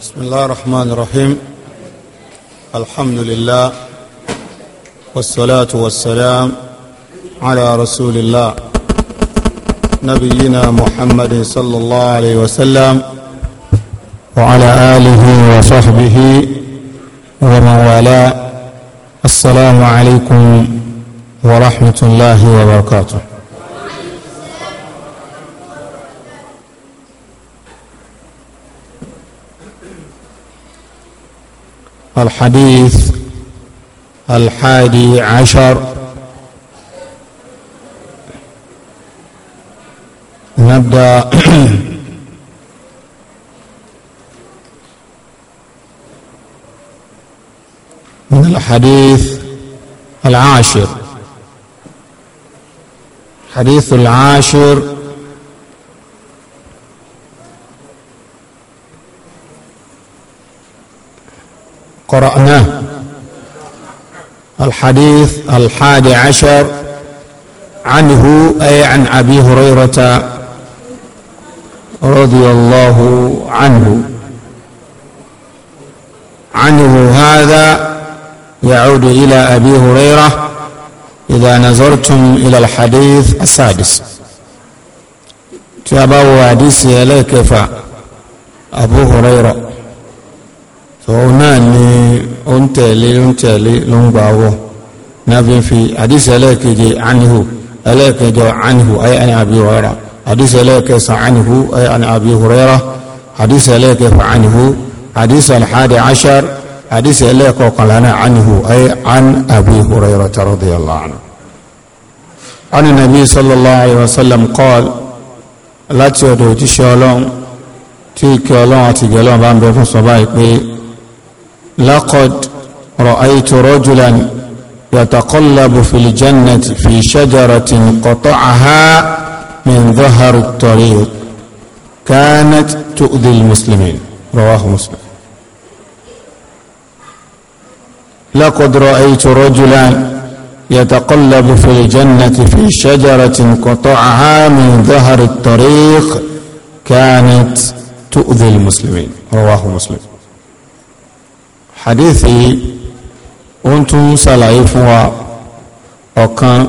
بسم الله الرحمن الرحيم الحمد لله والصلاة والسلام على رسول الله نبينا محمد صلى الله عليه وسلم وعلى آله وصحبه ومن والاه السلام عليكم ورحمة الله وبركاته الحديث الحادي عشر نبدأ من الحديث العاشر الحديث العاشر قرأناه الحديث الحادي عشر عنه أي عن أبي هريرة رضي الله عنه عنه هذا يعود إلى أبي هريرة إذا نظرتم إلى الحديث السادس تابعوا حديث إليك فأبو هريرة òun náà ni ó ń tẹ̀lé ó ń tẹ̀lé ló ń gbà wọ̀ nàbí fi àdìsí ẹlẹ́ẹ̀kejì ànihu ẹlẹ́ẹ̀kẹjọ ànihu ayé àni àbí hùrẹ́ra àdìsí ẹlẹ́ẹ̀kẹsàn ànihu ayé àni àbí hùrẹ́ra àdìsí ẹlẹ́ẹ̀kẹfà ànihu àdìsí alḥadi ashar àdìsí ẹlẹ́ẹ̀kọkànlá náà ànihu ayé àn àbí hùrẹ́ra radiyallahu anhu. النبي صلى الله عليه وسلم قال láti ọ̀dọ̀ òjíṣẹ́ ọlọ́run tí ìkẹ́ ọlọ́run لقد رأيت رجلا يتقلب في الجنة في شجرة قطعها من ظهر الطريق كانت تؤذي المسلمين رواه مسلم لقد رأيت رجلا يتقلب في الجنة في شجرة قطعها من ظهر الطريق كانت تؤذي المسلمين رواه مسلم hadithi ó ń tún ṣàlàyé fún wa ọ̀kan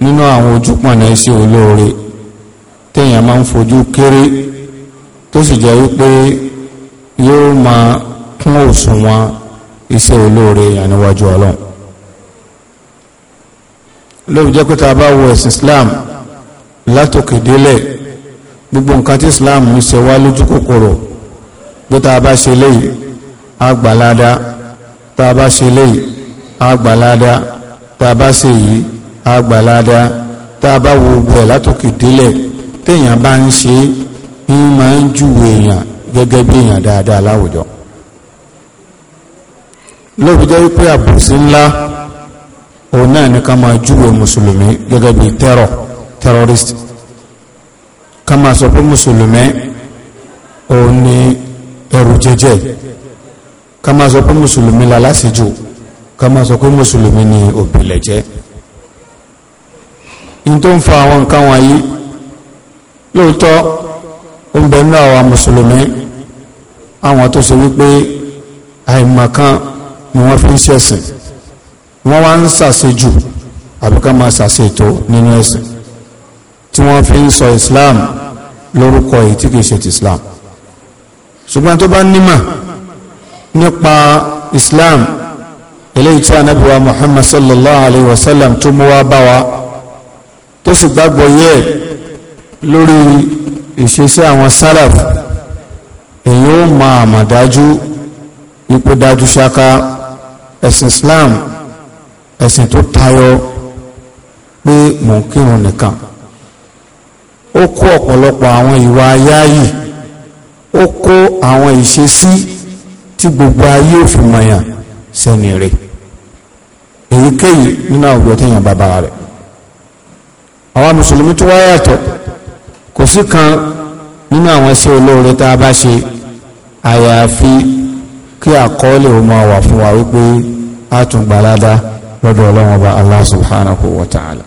nínú àwọn ojúpọ̀nà iṣẹ́ olóore téèyàn máa ń fojú kéré tó sì jẹ́ wípé yóò máa kún òṣùwọ̀n iṣẹ́ olóore yàn níwájú lóbi jẹ́ pé tá bá wo ẹ̀sìn Islam látòkè délẹ̀ gbogbo nǹkan tí Islam ń ṣe wá lójú kòkòrò pé tá bá ṣe léyìí àgbàládá tá a bá ṣe léyìí àgbàládá tá a bá ṣe yìí àgbàládá tá a bá wo bẹ̀ látòkè délẹ̀ téèyàn bá ń ṣe ń máa ń júwe èèyàn gẹ́gẹ́ bí èèyàn dáadáa láwùjọ lóbi jẹ́ wípé àbùsí ńlá òun náà ní ká máa júwe mùsùlùmí gẹ́gẹ́ bí tẹ́rọ̀ terrorist ká máa sọ pé mùsùlùmí òun ni ẹrù jẹjẹ Kama máa sọ pé mùsùlùmí la lásìjù ká máa sọ pé mùsùlùmí ni òbílẹ̀ jẹ́ in tó ń fa àwọn nǹkan wọ̀nyí lóòótọ́ ó ń bẹ nínú àwọn mùsùlùmí àwọn tó ṣe wípé àìmọ̀kan ni wọ́n fi ń ṣẹ̀sìn wọ́n wá ń ṣàṣejù àbí ká máa ṣàṣètò nínú ẹ̀sìn tí wọ́n fi ń sọ Islam lórúkọ èyí tí kìí ṣe ti Islam ṣùgbọ́n tó bá nímọ̀ nípa Islam eléyìí tí anábìwá Muhammad sallallahu alayhi wa sallam tó mú wá bá wa tó sì gbàgbọ́ yẹ lórí ìṣesí àwọn sálàf èyí ó máa mà dájú ipò dájú ṣáká ẹ̀sìn Islam ẹ̀sìn tó tayọ pé mò ń kírun nìkan ó kó ọ̀pọ̀lọpọ̀ àwọn ìwà ayáyì ó kó àwọn ìṣesí. Si, tí gbogbo ayé òfin mọ̀yàn sẹ́ni rẹ̀ èyíkéyìí nínú àwùjọ téèyàn bàbá rẹ̀ àwọn mùsùlùmí tó wáyà tọ̀ kò sí kan nínú àwọn iṣẹ́ olóore tá a bá ṣe àyàfi kí àkọọ́lẹ̀ ó máa wà fún wa wípé a tún gbalada lọ́dọ̀ ọlọ́run ọba Allah subhanahu wa ta'ala.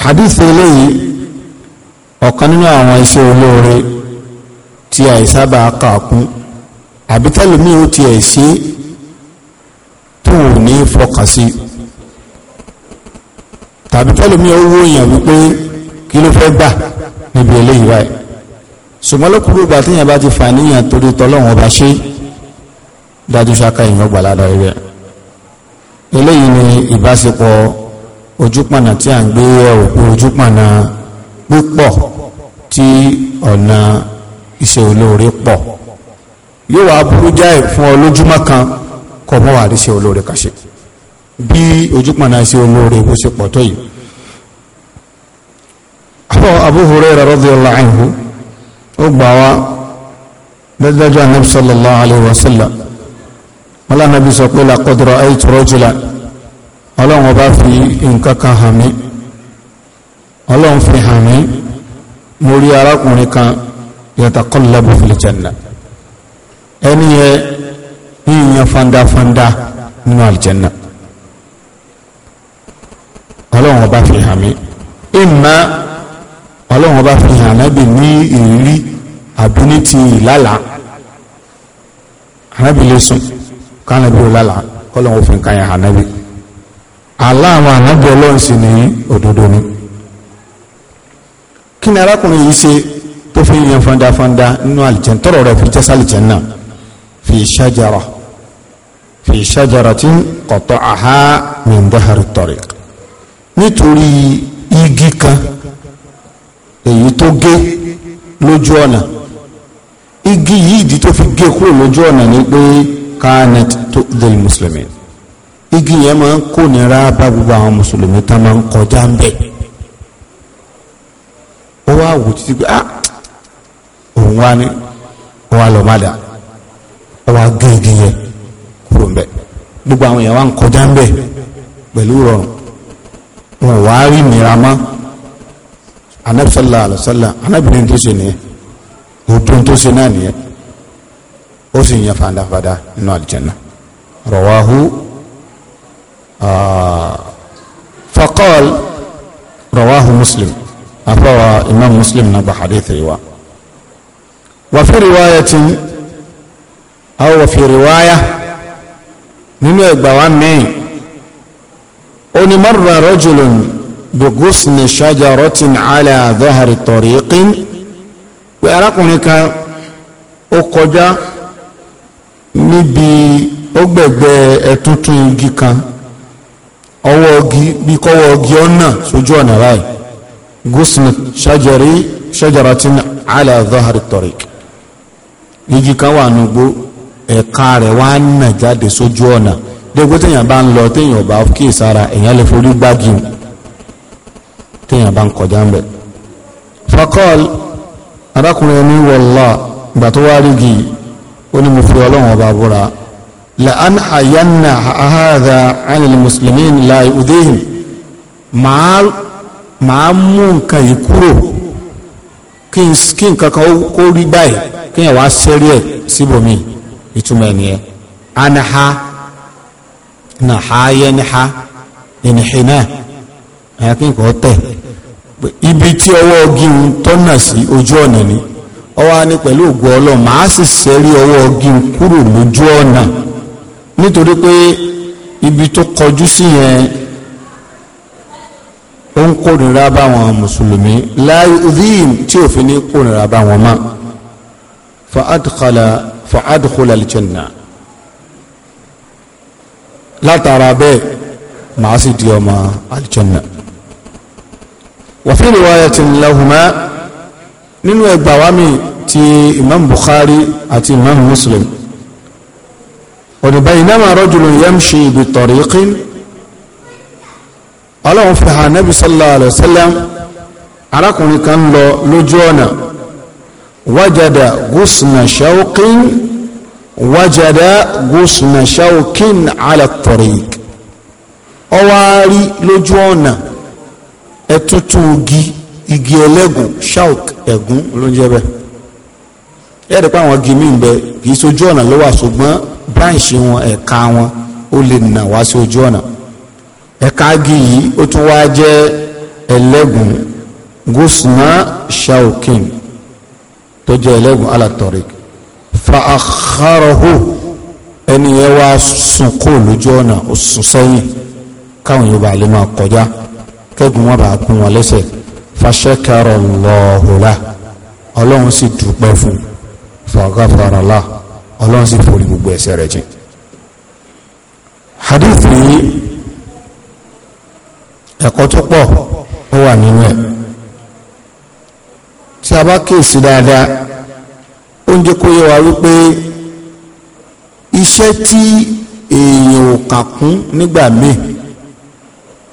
hadith eléyìí ọ̀kan nínú àwọn iṣẹ́ olóore tí àìsábà kàkún àbí tẹ́lómi ó tiẹ̀ ṣe tó ò ní fọkàn sí tàbí tẹ́lómi ó wó èèyàn wípé kí ló fẹ́ gbà níbi eléyìí wáyé ṣùgbọ́n lókùrú ìgbà téèyàn bá ti fà níyàn torí tọ́lọ́wọ́n ọba ṣe dájú ṣáká èèyàn gbà ládàá rẹ̀ eléyìí ni ìbáṣepọ̀ ojúpọ̀nà tí à ń gbé ẹ̀rọ pé púpọ̀ tí ọ̀nà iṣẹ́ olóore pọ̀ yóò wá burú jáì fún ọ lójúmọ́ kan kọ́ mọ́ wà rí iṣẹ́ olóore kàṣe bí ojúpọ̀ náà iṣẹ́ olóore bó ṣe pọ̀ tó yìí. àbọ̀ Abu Huraira radiyallahu anhu ó gbà wá dájúdájú anabi sallallahu alayhi wa sallam wọn sọ pé laqad ra'aytu ọlọ́run ọba fi nǹkan kan hàn mí ọlọ́run fi hàn mí mo rí arákùnrin kan yataqallabu fil janna ẹni yẹ yíyan fandafanda nínú àlìjẹ́nà ọlọ́run ọba fi hàn mí ìmọ̀ ọlọ́run ọba fi hàn nábì ní ìrírí àbí ní ti ìlàlà ànábì lè sùn kánábì ò ọlọ́run òfin kan yẹn ànábì àlá ànábì ọlọ́run sì ní òdodo ni kí ni arákùnrin yìí ṣe tó fi yan fandafanda nínú àlìjẹn tọrọ rẹ fi tẹsí àlìjẹn náà fi ṣàjára fi ṣàjára tí kọtọ àhá min dahari tariq nítorí igi kan èyí tó gé lójú ọ̀nà igi yìí ìdí tó fi gé kúrò lójú ọ̀nà ni pé kanat tó del mùsùlùmí igi yẹn máa ń kó nira bá gbogbo àwọn mùsùlùmí tá máa ń kọjá ń bẹ̀ ó wá wò títí pé ah òun wá ní òun wá lọ má dà ó wá gé igi yẹn kúrò ńbẹ gbogbo àwọn èèyàn wá ń kọjá ńbẹ pẹ̀lú rọrùn wọn ò wá rí mìíràn mọ́ anabi sallallahu alaihi tó ṣe nìyẹn òtún tó ṣe náà nìyẹn ó sì yẹn fàdáfàdá nínú àlìjẹ́nà rọ̀wáhù faqal rọ̀wáhù muslim afọwà imam muslim náà hadith rí wa wàfí riwaya ti àwọn wàfí riwaya nínú ẹgbà wa mẹ́yìn onímọ̀rọ̀ rọ́jùlùm bùgúsùn ṣájàrọ́tìn alẹ́ àdọ́hàrì tọ̀ríkín pé arákùnrin kan ó kọjá níbi ó gbẹ̀gbẹ́ ẹ̀tútù igi kan ọwọ́ igi bí kọ́wọ́ igi ọ̀nà sójú ọ̀nà báyìí gúsùn ṣájàrọ́tìn alẹ́ àdọ́hàrì tọ̀rík igi kan wà nùgbó ẹ̀ka rẹ̀ wá nà jáde sójú ọ̀nà dégbé téèyàn bá ń lọ téèyàn bá kíì sára èèyàn lè forí gbági téèyàn bá ń kọjá ń bẹ̀. fakọ́l arákùnrin ẹni wọ̀lá ìgbà tó wá rí gi ó ní mo fi ọlọ́run ọba búra la an ayanna ahadha anil muslimin la udihim màá mú nǹkan yìí kúrò kí nǹkan kan kó rí báyìí kí yẹn wá sẹ́rí ẹ̀ síbòmí ìtumọ̀ ẹ̀nìyẹn anaha naha yẹniha na ẹ̀yà kí nǹkan tẹ̀ ibi tí ọwọ́ gíun tọ́nà sí ojú ọ̀nà ni ọwọ́ ni pẹ̀lú ògùn ọlọ́run màá sì sẹ́rí ọwọ́ gíun kúrò lójú ọ̀nà nítorí pé ibi tó kọjú sí yẹn ó ń kórìíra báwọn mùsùlùmí láyé udhim tí òfin ní kórìíra báwọn mọ́ fa'adkhala fa'adkhala aljanna látara bẹ́ẹ̀ màá sì di ọmọ aljanna wa fi riwayatin lahuma nínú ẹgbà wa mi ti imam bukhari àti imam muslim wa baynama rajulun yamshi bi tariqin ọlọ́run fi hàn nẹ́bí sallallahu alaihi wasallam arákùnrin kan lọ lójú ọ̀nà wájàdà gúsùnà ṣáwókín wájàdá gúsùnà ṣáwókín ala tariq ó wá rí lójú ọ̀nà ẹ̀tútù igi igi ẹlẹ́gùn ṣáwók ẹ̀gún ló ń jẹ́ bẹ́ẹ̀ ẹ̀rì àwọn igi míì ń kì í ṣojú ọ̀nà ló wà ṣùgbọ́n branch wọn ẹ̀ka wọn ó lè nà wá sí ojú ọ̀nà ẹ̀ka agi yìí ó tún wá jẹ́ ẹlẹ́gùn gusna shaukin tó jẹ́ ẹlẹ́gùn alatorik fa akharahu ẹni yẹn wá sùn kó lójú ọ̀nà ó sùn sẹ́yìn káwọn yóò bá lè máa kọjá kẹ́gùn wọn bá kún wọn lẹ́sẹ̀ fàṣẹkẹrọ lọhùlà Ọlọ́run sì dúpẹ́ fún fàgàfàràlà Ọlọ́run sì forí gbogbo ẹ̀ṣẹ̀ rẹ̀ jìn. hadith yìí ẹ̀kọ́ tó pọ̀ ó wà nínú ẹ̀ tí a bá kíyèsí dáadáa ó ń jẹ́ kó yé wa wípé iṣẹ́ tí èèyàn ò kà kún nígbà míì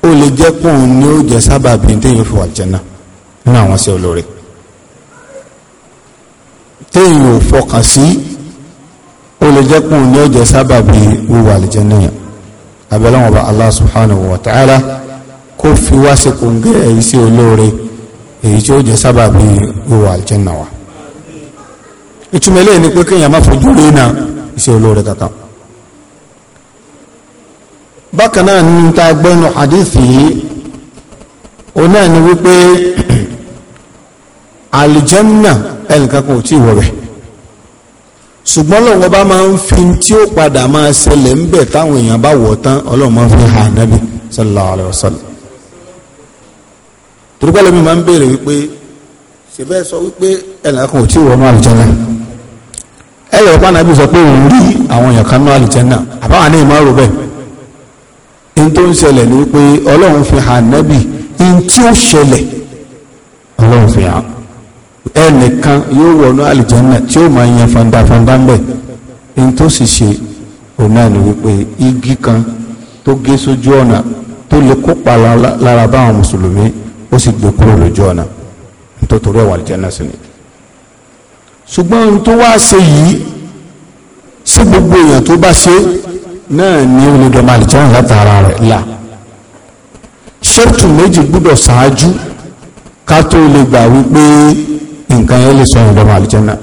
ó lè jẹ́ pòun ní ó jẹ́ sábàbí téèyàn fi wà jẹ́nà nínú àwọn sí olóore téèyàn ò fọkàn sí ó lè jẹ́ pòun ní ó jẹ́ sábàbí wíwà àlìjẹ́ nìyẹn abẹ́lẹ́wọ̀n bá Allah subhanahu wa ta'ala kó fi wá sí kòǹgẹ́ èyí sí olóore èyí tí ó jẹ́ sábàbí owó àlùjànnà wa ìtumọ̀ eléyìí ni pé kéèyàn má fojú rí náà iṣẹ́ olóore kankan bákan náà ní ta gbẹ́nu hadith yìí o náà ni wípé àlùjànnà ẹnìkan kò tí ì wọ̀rẹ̀ ṣùgbọ́n lọ́wọ́ bá máa ń fi tí ó padà máa ṣẹlẹ̀ ń bẹ̀ táwọn èèyàn bá wọ̀ tán ọlọ́run máa ń fi hàn nábì sallallahu alaihi wasallam torí pẹ́lú mi máa ń béèrè wípé ṣèbẹ́ sọ wípé ẹnìkan ò tí ì wọ́n máa lùjẹ́ náà ẹ yọ̀ pa nàbí sọ pé òun rí àwọn èèyàn kan máa lùjẹ́ náà àbáwọn ní ìmọ̀ rò bẹ́ẹ̀ ní tó ń ṣẹlẹ̀ ni wípé ọlọ́run fi hàn nábì ní tí ó ṣẹlẹ̀ ọlọ́run fi hàn ẹnìkan yóò wọnú àlìjẹ́nà tí ó máa yan fandafanda ńbẹ̀ ní tó sì ṣe òun náà ni wípé igi kan tó gé sójú ọ̀nà tó lè kópa lára báwọn mùsùlùmí ó sì gbé kúrò lójú ọ̀nà nítorí ẹ̀wọ̀n àlìjẹ́nà sí ni ṣùgbọ́n ohun tó wá ṣe yìí sí gbogbo èèyàn tó bá ṣe náà ni ó lè dọ̀mọ àlìjẹ́nà látara rẹ̀ là ṣẹ́ẹ̀tù méjì gbúdọ̀ ṣáájú ká tó lè gbà wípé nǹkan yẹn lè sọ ìyẹn àlìjẹ́nà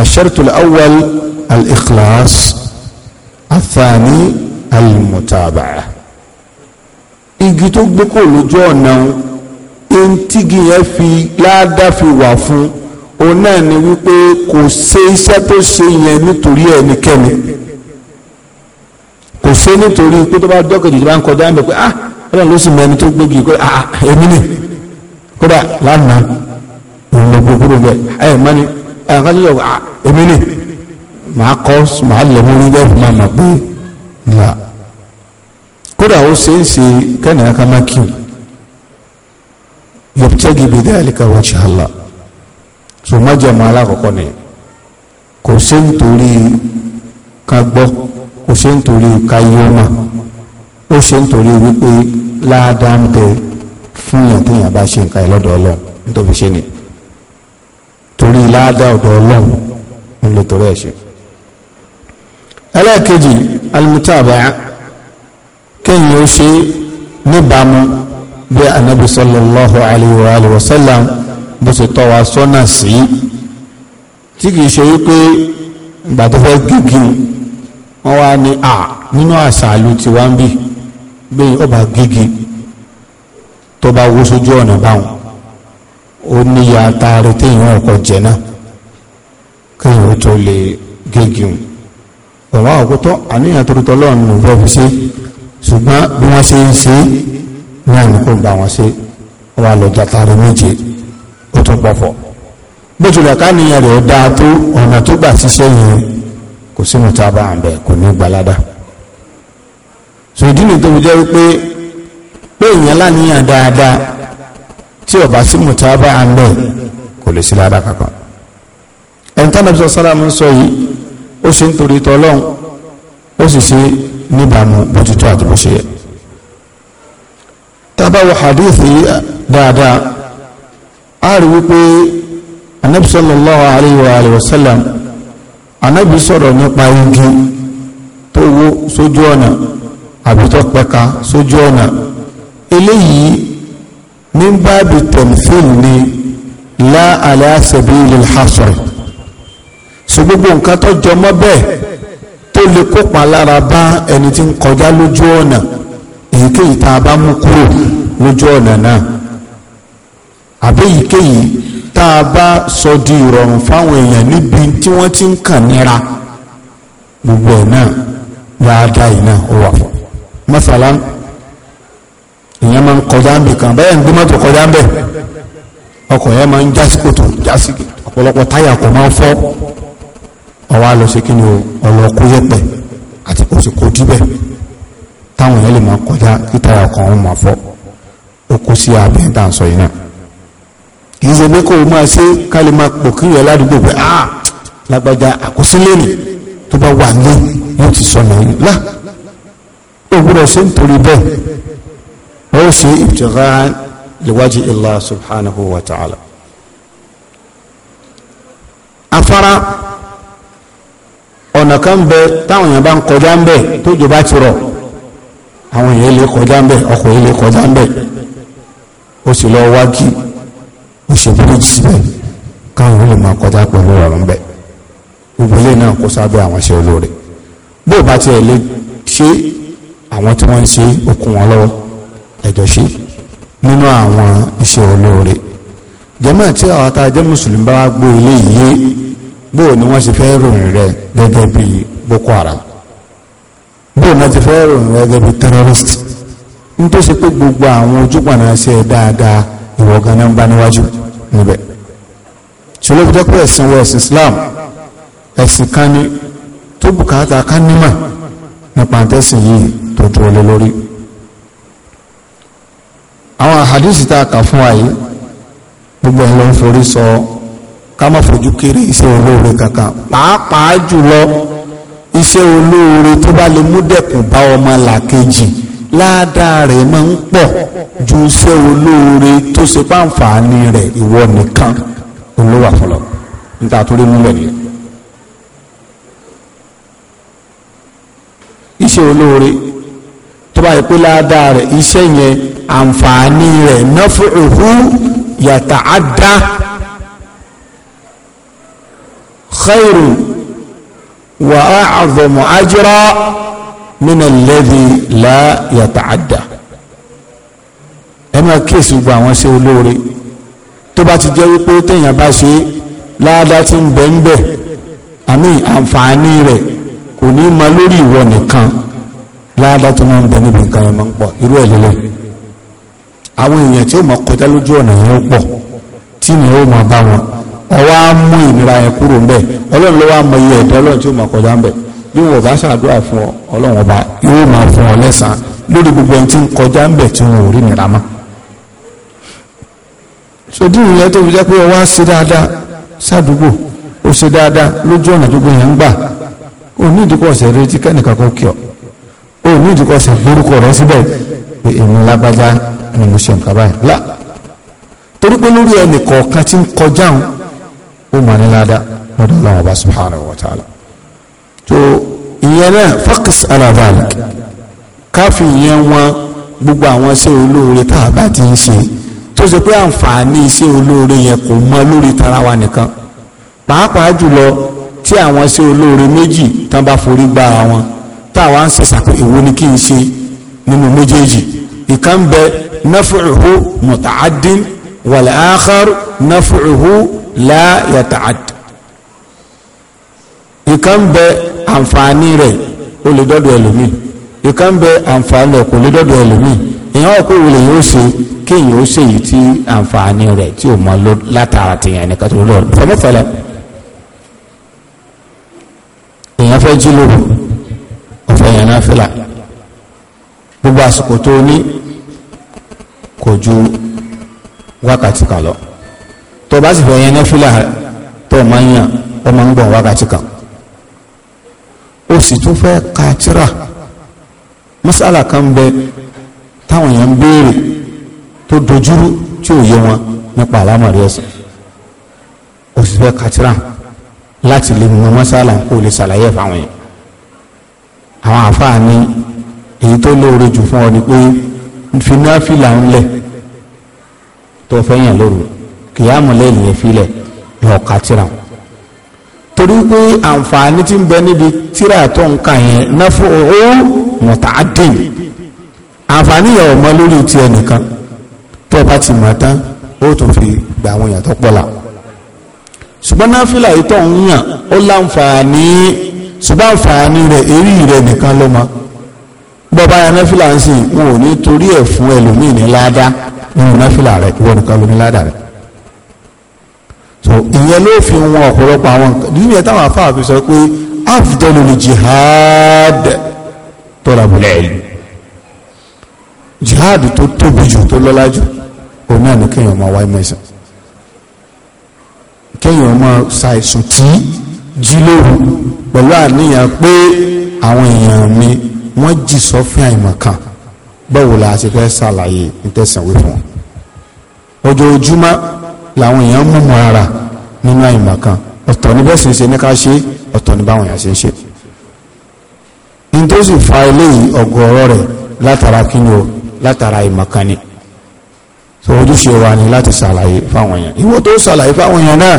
àṣẹ́ẹ̀tù awwal al-ikhlas athani al-mutaba'a igi tó gbé kò lójú ọ̀nà tígi yẹn fi ládà fi wà fún òun náà ni wípé kò ṣe iṣẹ́ tó ṣe yẹn nítorí ẹnikẹ́ni kò ṣe nítorí pé tó bá dọ́kẹ̀jì tó bá ń kọjá ń bẹ̀ pé ah ọlọ́run ló sì mẹ́ni tó gbégi kó ah, ah èmi ni kódà lánàá òun lọ gbogbo bẹ ẹ mọ́ni ẹ nǹkan tó yọ ah èmi ni màá kọ́ màá lẹ̀ mú ní bẹ́ẹ̀ fún màmá pé nà kódà ó ṣe é ṣe kẹ́nìyàn ká má kí o yabtagi bidhalika wajha Allah so májàmú alákọ̀ọ́kọ́ ni kò ṣe ń torí ká gbọ́ kò ṣe ń torí ká yọ́mà ó ṣe ń torí wípé láàdá ń bẹ fún yàn tí yàn bá ṣe nǹkan ìlọ́dọ̀ ọlọ́run nítorí ṣe ni torí láàdá ọ̀dọ̀ ọlọ́run nílò torí ẹ̀ ṣe. ẹlẹ́ẹ̀kejì alimutaba kẹ́yìn ó ṣe níbàámu bí anabi sallallahu alayhi wa sallam bó ṣe tọ́ wa sọ́nà sí tí kìí ṣe wípé ìgbà tó fẹ́ gígùn wọ́n wá ní à nínú àṣàlù tí wá ń bì bí ọba gígì tó bá wó sójú ọ̀nà báwọn ó níyà tààrí téèyàn ọkọ̀ jẹ náà kéèyàn tó lè gígùn bàbá ọ̀pọ̀tọ́ àníyàn tó rí tọ́lọ́ọ̀nù bọ́ fi ṣe ṣùgbọ́n bí wọ́n ṣe ń ṣe é náà ní kò gbà wọn sí wọn lọ jàtàrí méje ó tún pọ̀fọ̀ bó tilẹ̀ ká nìyẹn rẹ̀ ó dáa tó ọ̀nà tó gbà ṣiṣẹ́ yẹn kò sí mọ̀tá bá ń bẹ̀ kò ní gbalada so ìdí nìyí tó fi jẹ́ wípé pé èèyàn láníyàn dáadáa tí ó bá sí mọ̀tá bá à ń bẹ̀ kò lè sí ládàá kankan ẹ̀ńtánà bí sọ́sálàmù sọ yìí ó ṣe ń torí tọ́lọ́hún ó sì ṣe níbàámu bójútó àti bó ṣe yẹ tábà wọ hadithi eh, dáadáa a rí wípé anabi sallallahu alayhi wa alayhi wa sallam anabi sọ̀rọ̀ nípa igi tó wó sójú ọ̀nà àbí tó pẹ̀ka sójú ọ̀nà eléyìí ní báàbí tẹ̀mfìl ni lá ala sabilil hasr so gbogbo nǹkan tó jọmọ́ bẹ́ẹ̀ tó lè kópa lára bá ẹni tí ń kọjá lójú ọ̀nà èyíkéyìí tá a bá mú kúrò lójú ọ̀nà náà àbí èyíkéyìí tá a bá sọ di ìrọ̀rùn fáwọn èèyàn níbi tí wọ́n ti ń kàn nira gbogbo ẹ̀ náà yáadá yìí náà ó wà fún mọ́sálá ìyẹn máa ń kọjá ń bì kan bẹ́ẹ̀ ń gbé mọ́tò kọjá ń bẹ̀ ọkọ̀ yẹn máa ń jásí kòtò jásí ọ̀pọ̀lọpọ̀ táyà kò máa ń fọ́ ọwọ́ àlọ́sí kí ni ọ̀lọ́kú yẹ̀pẹ̀ àti kò sí kò díbẹ̀ táwọn èèyàn lè máa kọjá títara ọkàn wọn máa fọ́ ó kó sí abẹ́ tá à ń sọ yìí náà kì í máa ṣe ká lè pò kiri ẹ̀ ládùúgbò pé ah lágbájá àkọsílẹ̀ nì tó bá wà ní yóò ti sọnù yìí lá ó gbúdọ̀ ṣe nítorí bẹ́ẹ̀ wọ́n ó ṣe ìtìrá liwaji Allah subhanahu wa ta'ala afárá ọ̀nà kan bẹ táwọn èèyàn bá ń kọjá ń bẹ tó jọba ti rọ̀ àwọn èèyàn lè kọjá ń bẹ ọkọ̀ yìí lè kọjá ń bẹ ó sì lọ wá kí ó ṣe bíríjì síbẹ̀ káwọn lè máa kọjá pẹ̀lú ọ̀rọ̀ ń bẹ gbogbo ilé náà kó sábẹ́ àwọn ṣe olóore bó o bá tiẹ̀ lè ṣe àwọn tí wọ́n ń ṣe okun wọn lọ́wọ́ ẹ̀jọ̀ ṣe nínú àwọn iṣẹ́ olóore jẹ́mọ̀ tí àwọn tá a jẹ́ mùsùlùmí bá wá ilé yìí bó o wọ́n ṣe fẹ́ ròyìn rẹ̀ gẹ́gẹ́ bíi Boko Haram bí ọ̀nà ti fẹ́ ròyìn rẹ gẹ́gẹ́ bí terrorist n tó ṣe pé gbogbo àwọn ojúpọ̀nà ṣe dáadáa ìwọ ganan ń bá níwájú níbẹ̀ ṣòló jẹ́ pé ẹ̀sìn wọ ẹ̀sìn Islam ẹ̀sìn kan ni tó bùkátà ká nímọ̀ nípa àtẹ̀sìn yìí tó dúró lé lórí àwọn àhàdísì tá a kà fún wa yìí gbogbo ẹ̀ ló ń forí sọ ká má fojú kéré iṣẹ́ olóore kankan pàápàá jùlọ iṣẹ́ olóore tó bá lè mú dẹ̀kùn bá ọmọ làkejì ládàá rẹ̀ máa ń pọ̀ ju iṣẹ́ olóore tó ṣe pàǹfààní rẹ̀ ìwọ nìkan olówó àfọlọ níta tó rí múlẹ̀ nìyẹn. iṣẹ́ olóore tó bá yẹ pé ládàá rẹ̀ iṣẹ́ yẹn àǹfààní rẹ̀ náfùrùhù yàtà àdá khairu wa a'dhamu ajra min alladhi la yata'adda ẹ máa kíyèsí gbogbo àwọn ṣe olóore tó bá ti jẹ́ wípé téèyàn bá ṣe ládàá ti ń bẹ ń bẹ àmì àǹfààní rẹ̀ kò ní ma lórí ìwọ nìkan ládàá tó máa ń bẹ níbi nǹkan ẹ̀ máa ń pọ̀ irú ẹ̀ lélẹ̀ àwọn èèyàn tí ó máa kọjá lójú ọ̀nà yẹn ó pọ̀ tí ni ó máa bá wọn ẹ wá mú ìnira yẹn kúrò ń bẹ ọlọ́run ló wá mọ iye ẹ̀dá ọlọ́run tí ó mọ̀ kọjá ń bẹ bí wọn ò bá ṣàdúrà fún ọ ọlọ́run ọba yóò máa fún ọ lẹ́sàn-án lórí gbogbo ẹni tí ń kọjá ń bẹ tí wọn ò rí nira mọ́. sòdí ìyẹn tó fi jẹ́ pé ọwọ́ á ṣe dáadáa sádùúgbò ó ṣe dáadáa lójú ọ̀nà gbogbo yẹn ń gbà ó ní ìdíkọ̀ retí kẹ́nìkan kó kí ọ ni mo ṣe nǹkan báyìí lá torí pé lórí ẹnì kọ̀ọ̀kan tí ń kọjá òun ó mà ní ládá lọ́dọ̀ ọlọ́run ọba subhanahu wa ta'ala tó ìyẹn náà fọ́kùs alavalik káfí ìyẹn wọn gbogbo àwọn iṣẹ́ olóore tá a bá ti ń ṣe tó ṣe pé àǹfààní iṣẹ́ olóore yẹn kò mọ lórí tara wa nìkan pàápàá jùlọ tí àwọn iṣẹ́ olóore méjì tán bá forí gba àwọn táwa ń ṣèṣàkó èwo ni kí n ṣe nínú méjèèjì ìkan bẹ nafuhu mutaadin wal akhar la yataad ìkan bẹ àǹfààní rẹ̀ ó lè dọ́dọ̀ ẹlòmí ìkan bẹ àǹfààní rẹ̀ kò lè dọ́dọ̀ ẹlòmí èèyàn ọ̀pọ̀ ìwé lè yóò ṣe kí èèyàn ó ṣèyí tí àǹfààní rẹ̀ tí ò mọ látara tìyàn nìkan tó lọ fẹlẹfẹlẹ èèyàn fẹ́ jí lóru ọ̀fẹ́ yẹn náà fìlà gbogbo àsìkò tó ní kò ju wákàtí kan lọ tó o bá sì fẹ́ yẹn nẹ́fílà tó o máa ń yàn ó máa ń gbọ̀n wákàtí kan o sì tún fẹ́ ka tírà masala kan bẹ táwọn èèyàn ń béèrè tó dojúrú tí ò yé wọn nípa àlámọ̀rí ẹ̀sìn o sì fẹ́ ka láti lè mọ masala kó o lè ṣàlàyé fáwọn yẹn àwọn àfáà èyí tó lóore jù fún ọ ni pé fi náà fi là ń lẹ̀ tó fẹ́ yàn lóru. kìyàmù lẹ́yìn yẹn filẹ̀ lọ ka tírà ti ń bẹ níbi tírà tó ń kà yẹn náfọ owó mọ̀tàdín àǹfààní yẹn ò mọ lórí tiẹ̀ nìkan tó o bá ti mọ̀ tán ó fi gba àwọn èèyàn pọ̀ la ṣùgbọ́n náfìlà yìí tó ń yàn ó láǹfààní ṣùgbọ́n àǹfààní rẹ̀ èrí rẹ̀ nìkan ló mọ bọ́ba ya náfìlà ń sìn wọn ò ní torí ẹ̀ tó ìyẹn ló fi wọn ọ̀pọ̀lọpọ̀ àwọn nǹkan nínú ẹ̀ táwọn afáà fi sọ pé afdalul jihad talabul ilm jihad tó tóbi jù tó lọ́lá jù òun náà ni kéèyàn máa wáyé mẹ́sàn kéèyàn máa ṣàìsùn tí jí lóru pẹ̀lú àníyàn pé àwọn èèyàn mi wọ́n jì sọ́fín àìmọ̀kan báwo la ṣe fẹ́ ṣàlàyé nítẹ̀sánwé fún wọn ojoojúmọ́ làwọn èèyàn mú mu ara nínú àyìnbá kan ọ̀tọ̀ ní bẹ́sẹ̀ ṣe ní ká ṣe ọ̀tọ̀ ní báwọn èèyàn ṣe ń ní tó sì fa eléyìí ọ̀gọ̀ọ̀rọ̀ rẹ̀ látara kíni o látara ìmọ̀kan ni so ojúṣe wa ni láti ṣàlàyé fáwọn èèyàn ìwọ tó ṣàlàyé fáwọn èèyàn náà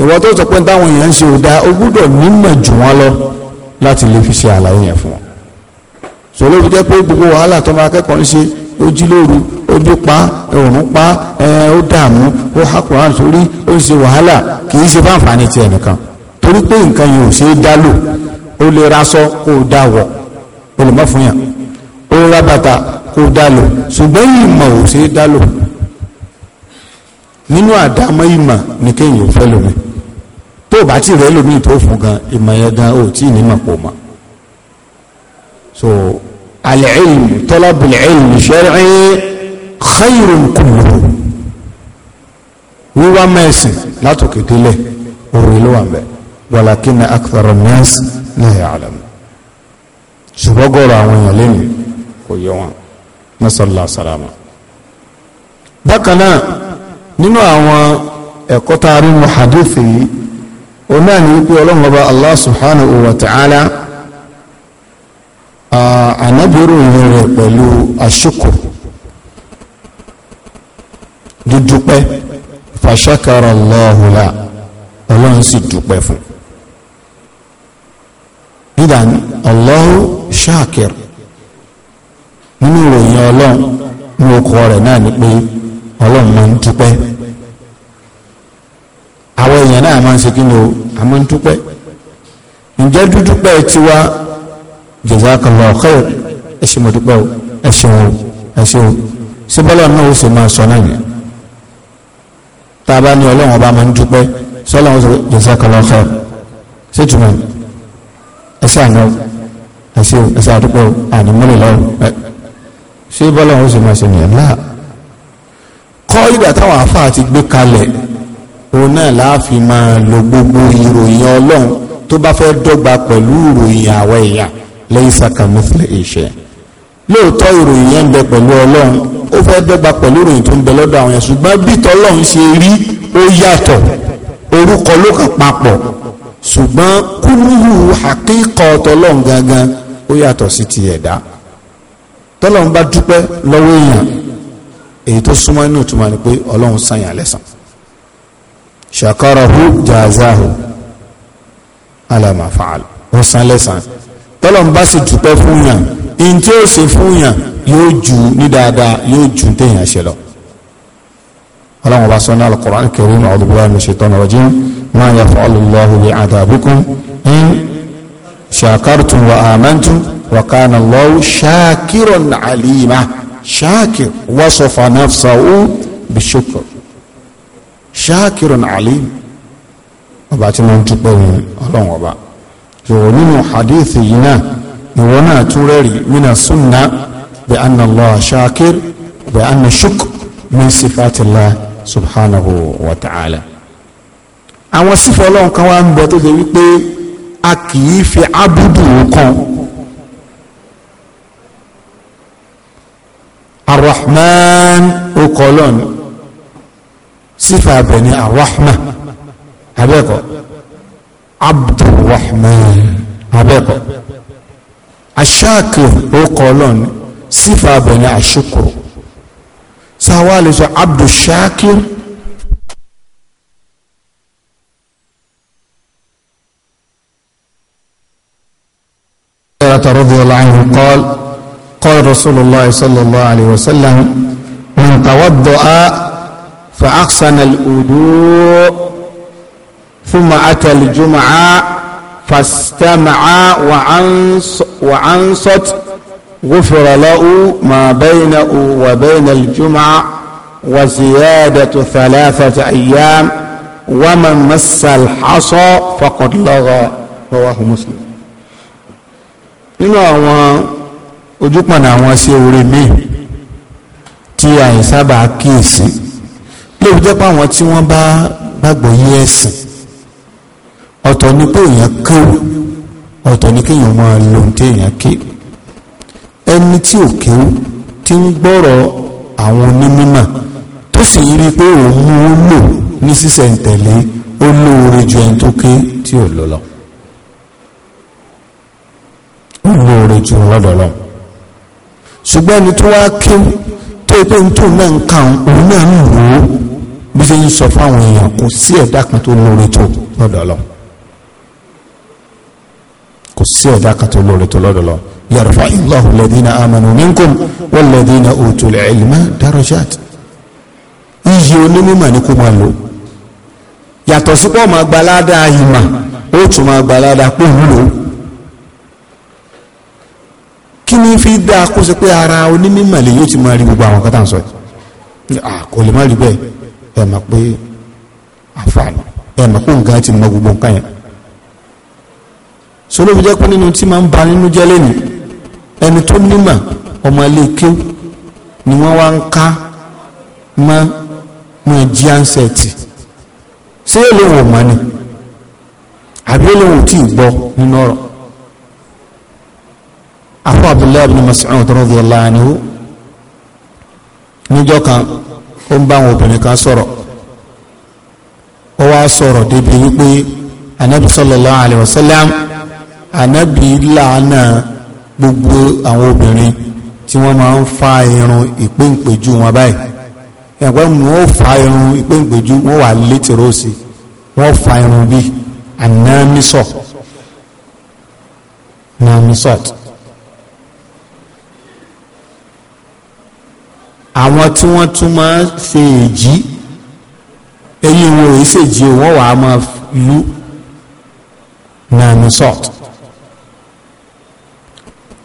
ìwọ tó sọ pé táwọn èèyàn ń ṣe ò dáa o gbúdọ̀ nímọ̀ jù wọ́n lọ láti lè fi ṣe àlàyé yẹn fún wọn so ló fi jẹ́ pé gbogbo wàhálà tó máa kẹ́kọ̀ọ́ ń ṣe ó jí lóru ojú pa òòrùn pa ẹ ó dààmú ó há Quran sórí ó ń ṣe wàhálà kì í ṣe fáǹfààní tiẹ̀ nìkan torí pé nǹkan yìí ò ṣe é dá lò ó lè raṣọ kó o dá wọ̀ olùmọ̀ fún yàn ó ra bàtà kó o dá lò ṣùgbọ́n ìmọ̀ ò ṣe é dá lò nínú àdámọ́ ìmọ̀ ní kéèyàn ò fẹ́ lómi tó o bá ti rẹ́ lómi tó fún gan ìmọ̀ yẹn gan ò tí ì ní mọ̀ pò mọ́ so al-ilm talab al-ilm shar'i khayrun kulluhum wíwá mẹ́sìn látòkè délẹ̀ òwe ló wà ń bẹ̀ walakinna akthara an-nas la ya'lamu ṣùgbọ́n gọ́ọ̀rọ̀ àwọn èèyàn lẹ́nu kò yẹ wọn nasalla salama bákan náà nínú àwọn ẹ̀kọ́ tá a rí mu hadith yìí ó náà ní wípé ọlọ́run allah subhanahu wa ta'ala anabiru yẹn rẹ̀ pẹ̀lú ashukuru dúdúpẹ́ fàṣàkàrà lọ́hùlà ọlọ́run sì dúpẹ́ fún idan Allahu ṣáàkìr nínú ìròyìn ọlọ́run ní okò rẹ̀ náà ni pé ọlọ́run máa ń dúpẹ́ àwọn èèyàn náà máa ń ṣe kí ni o a máa ń dúpẹ́ ǹjẹ́ dúdúpẹ́ tiwa jazakallahu khair ẹ ṣé mo o ẹ o ẹ o síbọ́lá náà ó sì máa sọ náà yẹn tá a bá ní ọlọ́run ọba máa ń dúpẹ́ sọlọ́run sọ jazakallahu khair ṣé tùmọ̀ ẹ sí àná ẹ sí ẹ sí àdúgbò ànímọ́lẹ̀ lọ́rùn ẹ ṣé bọ́lá òun sì máa ṣe nìyẹn náà kọ́ ìgbà táwọn àáfàá ti gbé kalẹ̀ òun náà láàfin máa lo gbogbo ìròyìn ọlọ́run tó bá fẹ́ dọ́gba pẹ̀lú ìròyìn àwọ̀ ẹ̀yà laysa kamithlihi shay' lóòótọ́ ìròyìn yẹn ń bẹ pẹ̀lú ọlọ́run ó fẹ́ dọ́gba pẹ̀lú ìròyìn tó ń bẹ lọ́dọ̀ àwọn yẹn ṣùgbọ́n bí tọ́lọ́run ṣe rí ó yàtọ̀ orúkọ ló kà papọ̀ ṣùgbọ́n kúrúhù àkíkọ̀ tọ́lọ́run gangan ó yàtọ̀ sí ti ẹ̀dá tọ́lọ́run bá dúpẹ́ lọ́wọ́ èèyàn èyí tó súnmọ́ inú ìtumọ̀ ni pé ọlọ́run sàyàn lẹ́sàn ṣàkọ́rọ̀hù jàzáhù alàmàfààlù ó sàn lẹ́sàn tọ́lọ́run bá sì dúpẹ́ fún yàn ìyìn tí ó ṣe fún yàn yóò jù ní dáadáa yóò jù téèyàn ṣe lọ. ọlọ́run ọba sọ́nà al-Qur'an al-Karim a'udhu billahi minash shaitanir rajim ma yaf'alu Allahu bi'adhabikum in shakartum wa amantum wa kana Allahu shakiran alima shakir wasafa nafsahu bishukr shakiran alim ọba tí wọ́n ń dúpẹ́ ní ọlọ́run ọba yòò nínú hadith yìí náà ìwọ náà tún rẹ́rìí بأن الله شاكر بأن الشكر من صفات الله سبحانه وتعالى àwọn sífọ́ ọlọ́run kan wá ń bẹ tó ṣe wípé a kì í fi abudu kan arahman okọlọ́n sífà abẹ ní arahma abẹ́kọ̀ abdulrahman abẹ́kọ̀ aṣáàkì okọlọ́n sífà àbọ̀yìn àṣukùrù sáwá lè sọ abdu shakir رضي الله عنه قال قال رسول الله صلى الله عليه وسلم من توضأ فأحسن الوضوء ثم أتى الجمعة فاستمع وعنصت غفر له ما بينه وبين الجمعة وزيادة ثلاثة أيام ومن مس الحصى فقد لغى رواه مسلم nínú àwọn ojúpọ̀nà àwọn sí orí míì tí àìsábà kíyèsí lóòbí jẹ́ pé àwọn tí wọ́n bá gbàgbọ́ yí ẹ̀sìn ọ̀tọ̀ ni pé èèyàn kéwù ọ̀tọ̀ ni kéèyàn máa lòun tí èèyàn kéwù ẹni tí ò kéwú tí ń gbọ́rọ̀ àwọn onímọ̀ tó sì rí pé òun ó lò ní sísẹ̀ntẹ̀lé ó lóore ju ẹni tó ké tí ò lò lọ ó lóore ju lọ́dọ̀ lọ ṣùgbọ́n ẹni tó wá kéwú tó pé ní tó náà ń ka òun náà ń lò ó bí ṣe ń sọ fáwọn èèyàn kò sí ẹ̀dá kan tó lóore tó lọ́dọ̀ lọ kò sí ẹ̀dá kan tó lóore tó lọ́dọ̀ lọ yarfa illahu alladhina amanu minkum walladhina utul ilma darajat iyì onímọ̀ ni kó máa lò yàtọ̀ sí pọ̀ máa gbalada ìmọ̀ ó tún máa gbalada pé òun lò kí ni fi dá kó ṣe pé ara onímọ̀ lè yóò ti máa rí gbogbo àwọn kan tá à ń sọ yìí kò lè má rí bẹ́ẹ̀ ẹ̀ mọ̀ pé àfààní ẹ̀ mọ̀ kó ti mọ gbogbo nǹkan yẹn sọlọ́bi jẹ́ pé nínú tí máa ń ba nínú jẹ́ lẹ́nu ẹni tó nímọ̀ ọmọ ilé ké ni wọ́n wá ń ká mọ́ mọ́ jí ansẹ̀tì ṣé èlò wò mọ́ ni àbí èlò wò tí ì gbọ́ nínú ọ̀rọ̀ afọ Abdullahi ibn Mas'ud radiyallahu anhu níjọ́ kan ó ń bá àwọn obìnrin kan sọ̀rọ̀ ó wá sọ̀rọ̀ débi wípé anabi sallallahu alayhi wa sallam anabi làánà gbogbo àwọn obìnrin tí wọ́n máa ń fa irun ìpéǹpéjú wọn báyìí ẹ̀gbọ́n mi wọ́n fa irun ìpéǹpéjú wọ́n wà létírósì wọ́n fa irun bíi anamisọ̀ anamisọ̀t àwọn tí wọ́n tún máa ṣe èjì eyín wọn ò ṣèjì wọ́n wà á máa lu anamisọ̀t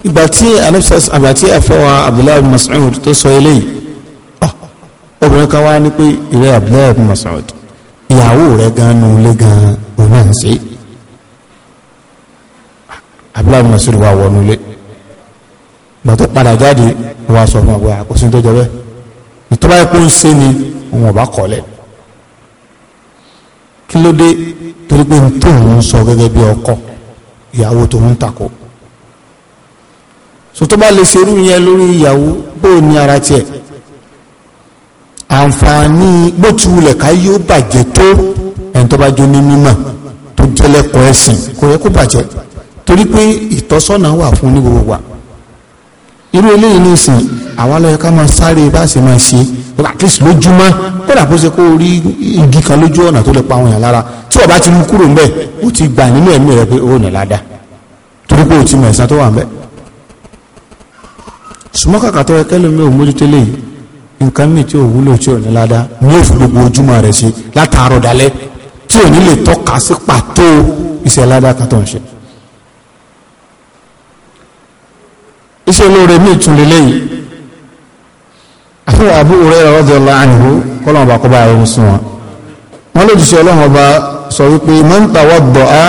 ìgbà tí anabisas àgbà tí àfọwà abdullahi mas'ud tó sọ eléyìí ah, obìnrin kan wá ní pé ìrẹ abdullahi mas'ud ìyàwó rẹ gan nu ilé gan òun náà ń ṣe abdullahi mas'ud wà wọnú ilé ìgbà tó padà jáde wà sọ fún àgbà àkóso ah, tó jẹ bẹ́ẹ̀ ìtọ́ba ẹ̀kọ́ ṣe ni òun ọba kọ́lẹ̀ kí ló dé torí pé tóun ń sọ gẹ́gẹ́ bí ọkọ ìyàwó tóun ń takò so tó bá lè ṣerú yẹn lórí ìyàwó bó ní ara tiẹ̀ àǹfààní bó ti wulẹ̀ ká yóò bàjẹ́ tó ẹni tó bá jó ní mímọ̀ tó jẹ́lẹ́kọ̀ọ́ ẹ̀sìn kò yẹ kó bàjẹ́ torí pé ìtọ́sọ́nà wà fún ní gbogbo wa irú eléyìí ní ìsìn àwa ló yẹ ká máa sáré bá ṣe máa ṣe at least lójúmọ́ kódà bó ṣe kó rí igi kan lójú ọ̀nà tó lè pa àwọn èèyàn lára tí ọba ti mú kúrò ń bẹ̀ ó ti gbà nínú ẹ̀mí rẹ pé ó nà ládàá torí pé ó ti mọ̀ ẹ̀sán tó wà ń bẹ̀ ṣùgbọ́n kàkà tó ẹkẹ́ lómi ò mójútó lè nǹkan mi tí ò wúlò tí ò ní ládá ní òfin gbogbo ojúmọ́ rẹ̀ ṣe látàárọ̀ dalẹ́ tí ò ní lè tọ́ka sí pàtó iṣẹ́ ládá kan tó ń ṣe. iṣẹ́ olóore mi tún lè léyìí àfihàn Abu Hurairah radiyallahu anhu kọ́lọ́n ọba kọ́ba ẹ̀rọ sùn wọn. wọ́n lè jùṣe ọlọ́run ọba sọ wípé man tawadda'a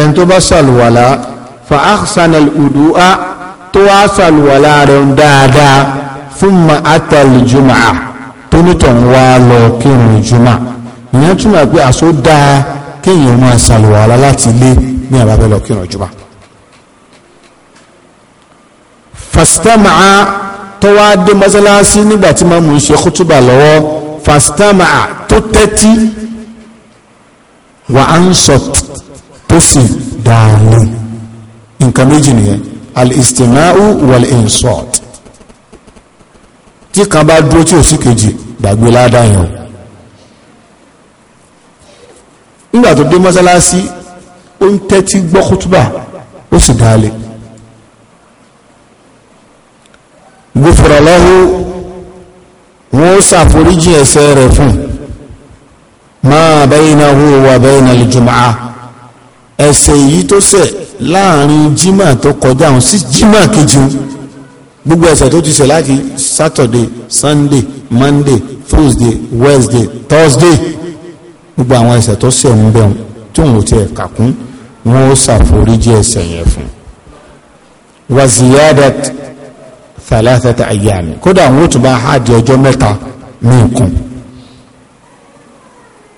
ẹni tó bá ṣàlùwàlá fa ahsana al-wudu'a tó wá sàlùwàlá rẹ̀ ń dáadáa fún ma àtàlì jùmọ̀ à tó nítọ̀hún wá lọ kírun jùmọ̀ ìyẹn túmọ̀ pé àṣọ dáa kéèyàn máa sàlùwàlá láti ilé ní àbábẹ́ lọ kírun jùmọ̀. fàsítámàá tó wá dé mọ́sálásí nígbà tí màmú ṣe kútùbà lọ́wọ́ fàsítámàá tó tẹ́tí wà á ń sọ̀t tó sì dáa lé nǹkan méjì nìyẹn al-istima'u wal-insat tí kan bá dúró tí ò sí kejì gbàgbé ládàá yẹn o nígbà tó dé mọ́sálásí ó ń tẹ́tí gbọ́ ó sì dáálé gbófòrò wọ́n ó ṣàforíjì ẹ̀ṣẹ̀ rẹ̀ fún máa baynahu wa bayna al-jum'ah ẹ̀ṣẹ̀ èyí tó ṣẹ̀ láàrin jimá tó kọjá àwọn sí jimá kejì wọn gbogbo ẹ̀ṣẹ̀ tó ti ṣẹ̀ láti saturday sunday monday tuesday wednesday thursday gbogbo àwọn ẹ̀ṣẹ̀ tó ṣẹ̀ ń bẹ̀ wọn tí wọn ò tiẹ̀ kà kún wọn ó ṣàforíjì ẹ̀ṣẹ̀ yẹn fún wa ziyadat thalathata ayyami kódà wọn ó tún bá háàdì ọjọ́ mẹ́ta ní ìkún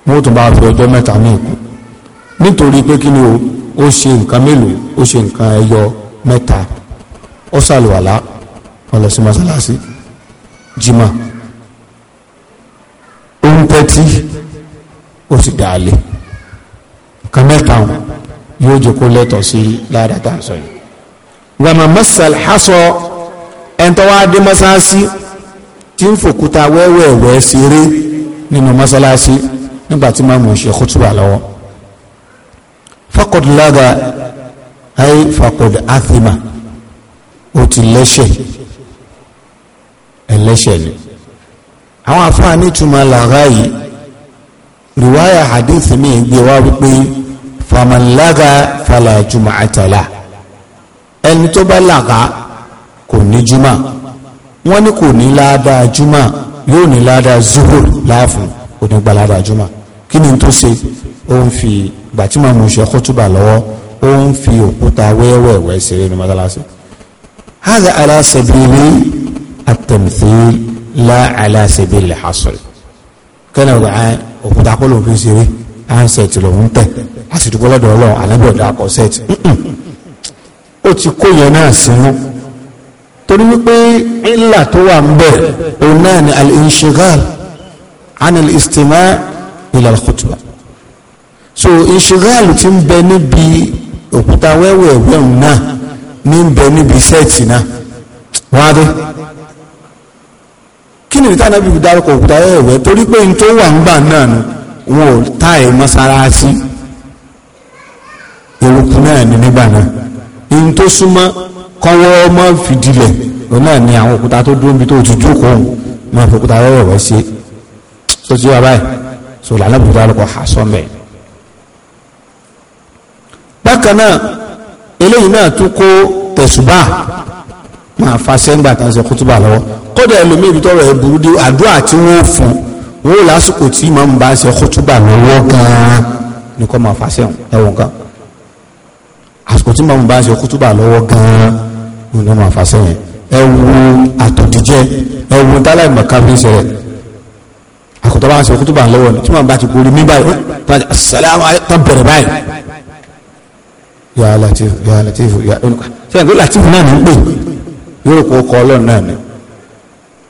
wọn ó tún bá fi ọjọ́ mẹ́ta ní ìkún nítorí pé kí ni o ó ṣe nǹkan mélòó ó ṣe nǹkan ẹyọ mẹ́ta ó ṣàlùwàlá ó lọ sí mọ́sálásí jimá ó ń tẹ́tí ó sì dá lé nǹkan mẹ́ta wọn yóò jẹ́ kó lẹ́tọ̀ọ́ sí ládàtà sọ yìí. gbàmà masal hasọ ẹ̀ńtọ́ wa tí ń fòkúta wẹ́wẹ́wẹ́ ṣeré nínú mọ́sálásí nígbà tí màmú ṣe kútùbà lọ́wọ́ faqad laga ayé faqad athima ó ti lẹ́ṣẹ̀ ẹlẹ́ṣẹ̀ ni àwọn afáàní túmọ̀ làgá yìí riwaya hadith mi gbé wá wípé faman laga fala jum'ata la ẹni tó bá làgá kò ní juma wọ́n ní kò ní ládàá juma yóò ní ládàá zuhur láàfún kò ní gba ládàá juma kí ni tó ṣe ó ń fi ìgbà tí màmú ṣe kútùbà lọ́wọ́ ó ń fi òkúta wẹ́wẹ́wẹ́ ṣeré ní mọ́tàlásì. hadha ala sabili at-tamthil la ala sabili al-hasr kẹ́nà ọ̀gá òkúta kọ́ ló ń fi ṣeré ansẹ̀tì lòún tẹ̀ àsìdúgbò lọ́dọ̀ ọlọ́run àlábọ̀dọ̀ akọ̀sẹ̀tì ó ti kó yẹn náà sínú torí wípé ìlà tó wà ń bẹ̀ òun náà ni al-inshighal an al-istima' ila al-khutbah so israel ti ń bẹ níbi òkúta wẹ́wẹ́ wẹ́hùn náà ní ń bẹ níbi sẹ́ẹ̀tì náà wọ́n á dé kí ni ìta náà bí dárúkọ òkúta wẹ́wẹ́ torí pé n tó wà ń gbà náà nù wọn ò tá ẹ̀ mọ́sálásí eruku náà ní nígbà náà n tó súnmọ́ kọ́wọ́ ọmọ fìdílẹ̀ òun náà ni àwọn òkúta tó dúró níbi tó ti bákan náà eléyìí náà tún kó tẹ̀sùbà máa fa sẹ́ńgbà tá a sọ kútùbà lọ́wọ́ kódà ẹlòmíì ibi tọrọ ẹ burú dé àdúrà tí wọ́n fún wọn ò lásìkò tí màmú bá ṣe kútùbà lọ́wọ́ gan-an ni kò máa fa sẹ́wọ̀n ẹ̀wọ̀n kan àsìkò tí màmú bá ṣe kútùbà lọ́wọ́ gan-an ni kò máa fa sẹ́wọ̀n ẹ̀wù àtọ̀díjẹ́ ẹ̀wù táláìmọ̀ káfíń ṣẹlẹ̀ àkùtọ́ bá ṣe kútùbà lọ́wọ́ tí màmú bá ti ya latif ya latif ya onuka sẹ́yìn pé latif náà ní pè yóò kó kọ́ ọlọ́run náà ni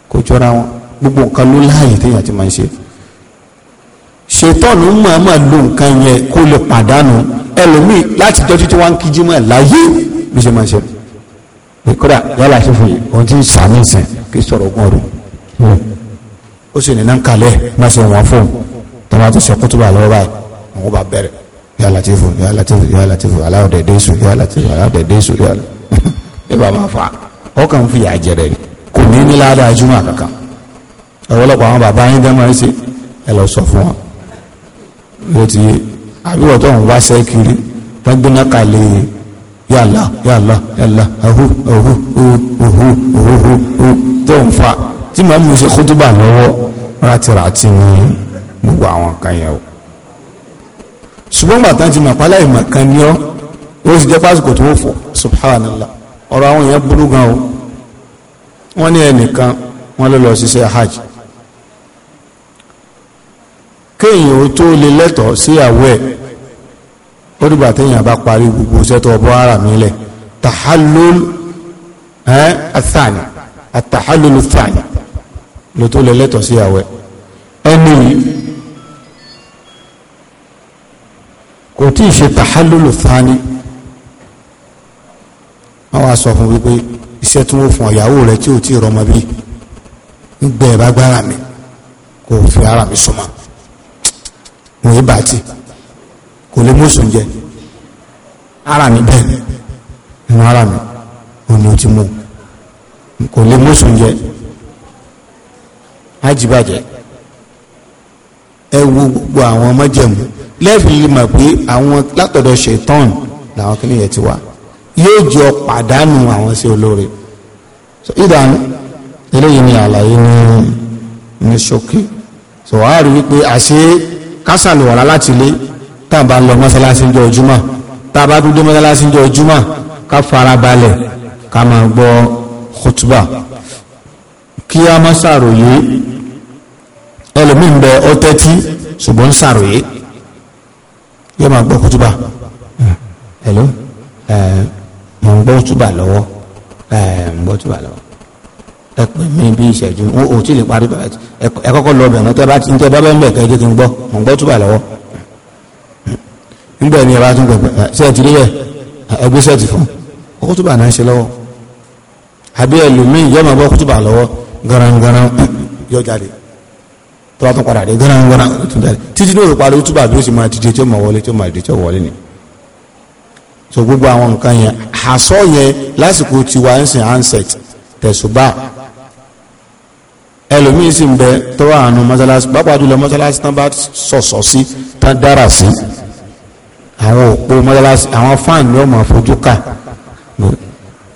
kó jọra wọn gbogbo nǹkan ló láàyè téèyàn ti máa ń ṣe ṣètọ́nù mọ̀ọ́mọ̀ ló nǹkan yẹn kó lè pàdánù ẹlòmíì láti tọ́jú tí wọ́n ń kíjí mọ́ láyé bí ṣe máa ń ṣe ìkọ́dà ya latif yìí ohun tí ń sàmì sìn kí sọ̀rọ̀ ogún ọdún ó sì nínú kalẹ̀ máa ṣe wọn fóun tọ́wọ́ tó ṣe kótó ya latifu ya latifu ya latifu aláwọ dẹdẹ sùn ya latifu aláwọ dẹdẹ sùn ya latifu ẹ bá máa fa ọkàn fi yà jẹrẹ ni kò ní ní ládàá júmọ kankan ọ̀pọ̀lọpọ̀ àwọn bàbá yín dẹ́ máa ń ṣe ẹ lọ sọ fún wọn ló ti yé àbíwọ̀ tó ń wáṣẹ́ kiri wọ́n gbéná kalẹ̀ yàlá yàlá yàlá ahu ahu ohu ohu ohu tó ń fa tí màá mú ṣe kótóbà lọ́wọ́ rátiràti ní gbogbo àwọn kan yẹn o ṣùgbọ́n gbàtà ti mọ̀ pálá ìmọ̀ kan ní ọ́ ó sì jẹ́ pásìkò tó fọ̀ subhanallah ọ̀rọ̀ àwọn èèyàn burú gan o wọ́n ní ẹnìkan wọ́n ló lọ ṣiṣẹ́ hajj kéèyàn ó tó lè lẹ́tọ̀ọ́ sí àwọ̀ ẹ̀ ó dìgbà téèyàn bá parí gbogbo iṣẹ́ tó bọ́ ara mi lẹ̀ tahallul athani atahallul athani ló lè lẹ́tọ̀ọ́ sí àwọ̀ ẹ̀ ẹni tí ì ṣe tàhálùlù fani wọ́n wá fún wípé iṣẹ́ tí wọ́n fún ọ̀yàwó rẹ̀ tí ò tí ì rọmọ bí ń gbẹ ẹ̀ bá mi kò fi ara mi sọmọ mo yí bàtì kò lè mọ̀sùn jẹ ara mi bẹ́ẹ̀ nínú ara mi òní o ti mú kò lè mọ̀sùn jẹ ájì ẹ wo gbogbo àwọn ọmọ lẹ́ẹ̀fì mọ̀ pé àwọn látọ̀dọ̀ ṣetán làwọn kìnìún yẹn ti wá yóò jọ pàdánù àwọn sí olóore so ìdáná eléyìí ni àlàyé ní ní ṣókí so a rí wípé àṣé kásàlùwàlá láti lé tá a bá lọ mọ́sálásí ń jọ ojúmọ́ tá a bá dúdú mọ́sálásí ń jọ ojúmọ́ ká fara balẹ̀ ká máa gbọ́ khutba kí a má ṣàròyé ẹlòmíín bẹ ọtẹ́tí ṣùgbọ́n ń ṣàròyé yóò máa gbọ́ kútúbà hello mo ń gbọ́ kútúbà lọ́wọ́ mo ń gbọ́ kútúbà lọ́wọ́ ẹ pè mí bí ìṣẹ́jú o tí lè parí ẹ kọ́kọ́ lọ bẹ̀rẹ̀ tẹ́ bá ti ń tẹ́ bá bẹ́ẹ̀ ń bẹ̀ kẹ́ ẹ jẹ́ kí n gbọ́ mo ń gbọ́ kútúbà lọ́wọ́ nígbà ní ẹ bá tún gbẹ sẹ́ẹ̀tì níbẹ̀ ẹ gbé sẹ́ẹ̀tì fún kútúbà náà ṣe lọ́wọ́ àbí ẹlòmíì yóò máa gbọ́ kútúbà lọ́wọ́ garangaran yóò jáde tó bá tún padà dé gbọ́dọ̀ gbọ́dọ̀ tún jáde títí lóòrò parí ó túbà bí ó sì máa dìde tí ó máa wọlé tí ó máa dìde tí ó wọlé ni. so gbogbo àwọn nǹkan yẹn àsọ yẹn lásìkò tiwa ń sìn handset tẹ̀sùbà ẹlòmíín sì ń bẹ tọ́wọ́ àánú mọ́sálásí pápá jùlọ mọ́sálásí tán bá sọ̀sọ̀ sí tán dára sí àwọn òpó mọ́sálásí àwọn fáàn ni ó máa fojú kà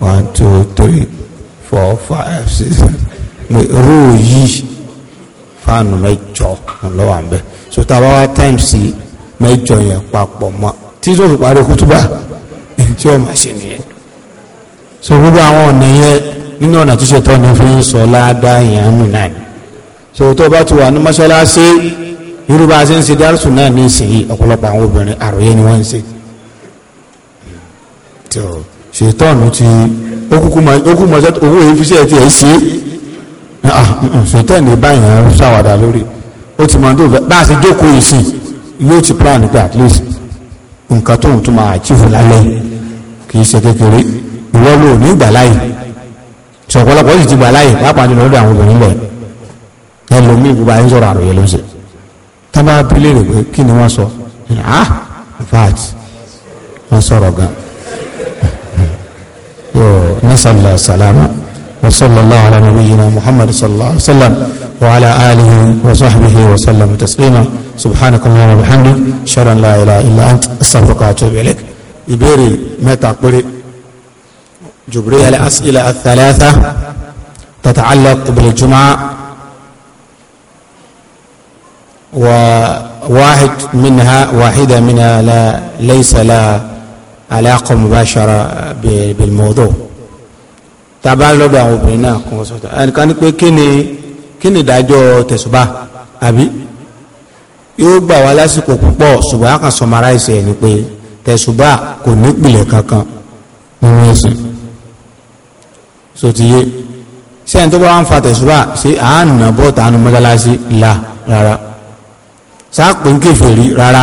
one two three four five six rúù yìí fáànù mẹ́jọ ńlọ́wọ́ àbẹ́ so tàbá wá times mẹ́jọ yẹn papọ̀ mọ́ tí tó fi parí kútúbà tí ó máa ṣe nìyẹn so gbogbo àwọn ọ̀nà yẹn nínú ọ̀nà tó ṣe tọ́ ni fi ń sọ ládàá yẹn nù náà ni so tó bá ti wà ní mọ́ṣáláṣí irú bá a ṣe ń ṣe dárúsù náà ní ìsìnyí ọ̀pọ̀lọpọ̀ àwọn obìnrin àròyé ni wọ́n ń ṣe ṣètọ́nù ti ó kúkú mọ́ owó ìfiṣẹ́ tiẹ̀ ṣe é ṣètẹ́ni ah, báyìí ń ṣàwádà lórí ó ti máa dóòfẹ́ bá a ṣe jókòó yìí sí yóò ti plan pé at least nǹkan tóun tún máa àchífù lálẹ́ kì í ṣe kékeré ìwọ ló ní ìgbà láyè tí ọ̀pọ̀lọpọ̀ sì ti gbà láyè pàápàá nínú ọ̀dọ̀ àwọn obìnrin bẹ̀ ẹlòmíì gbogbo ayé sọ̀rọ̀ àròyé ló ṣe tábà bílẹ̀ rẹ̀ pé kí ni wọ́n sọ ah in fact wọ́n sọ̀rọ̀ gan-an yóò nasàlá sàlámà. وصلى الله على نبينا محمد صلى الله عليه وسلم وعلى آله وصحبه وسلم تسليما سبحانك اللهم وبحمدك اشهد ان لا اله الا انت استغفرك واتوب اليك يبيري متى péré جبريل الاسئله الثلاثه تتعلق بالجمعه وواحد منها واحده منها لا ليس لها علاقه مباشره بالموضوع tàbá lọ́dọ̀ àwọn obìnrin náà kún un sọ́tọ̀ ẹnìkan ní pé kí ni kí ni ìdájọ́ tẹ̀sùbà àbí yóò gbà wá lásìkò púpọ̀ ṣùgbọ́n a kan sọmara ẹsẹ̀ ẹ̀ ni pé tẹ̀sùbà kò ní ìpìlẹ̀ kankan nínú ẹ̀sìn sotiye sẹ́yìn tó bá wà ń fa tẹ̀sùbà ṣé àánà bọ́ọ̀tà àánú mọ́tálásí là rárá sáàpù ń kèfèrí rárá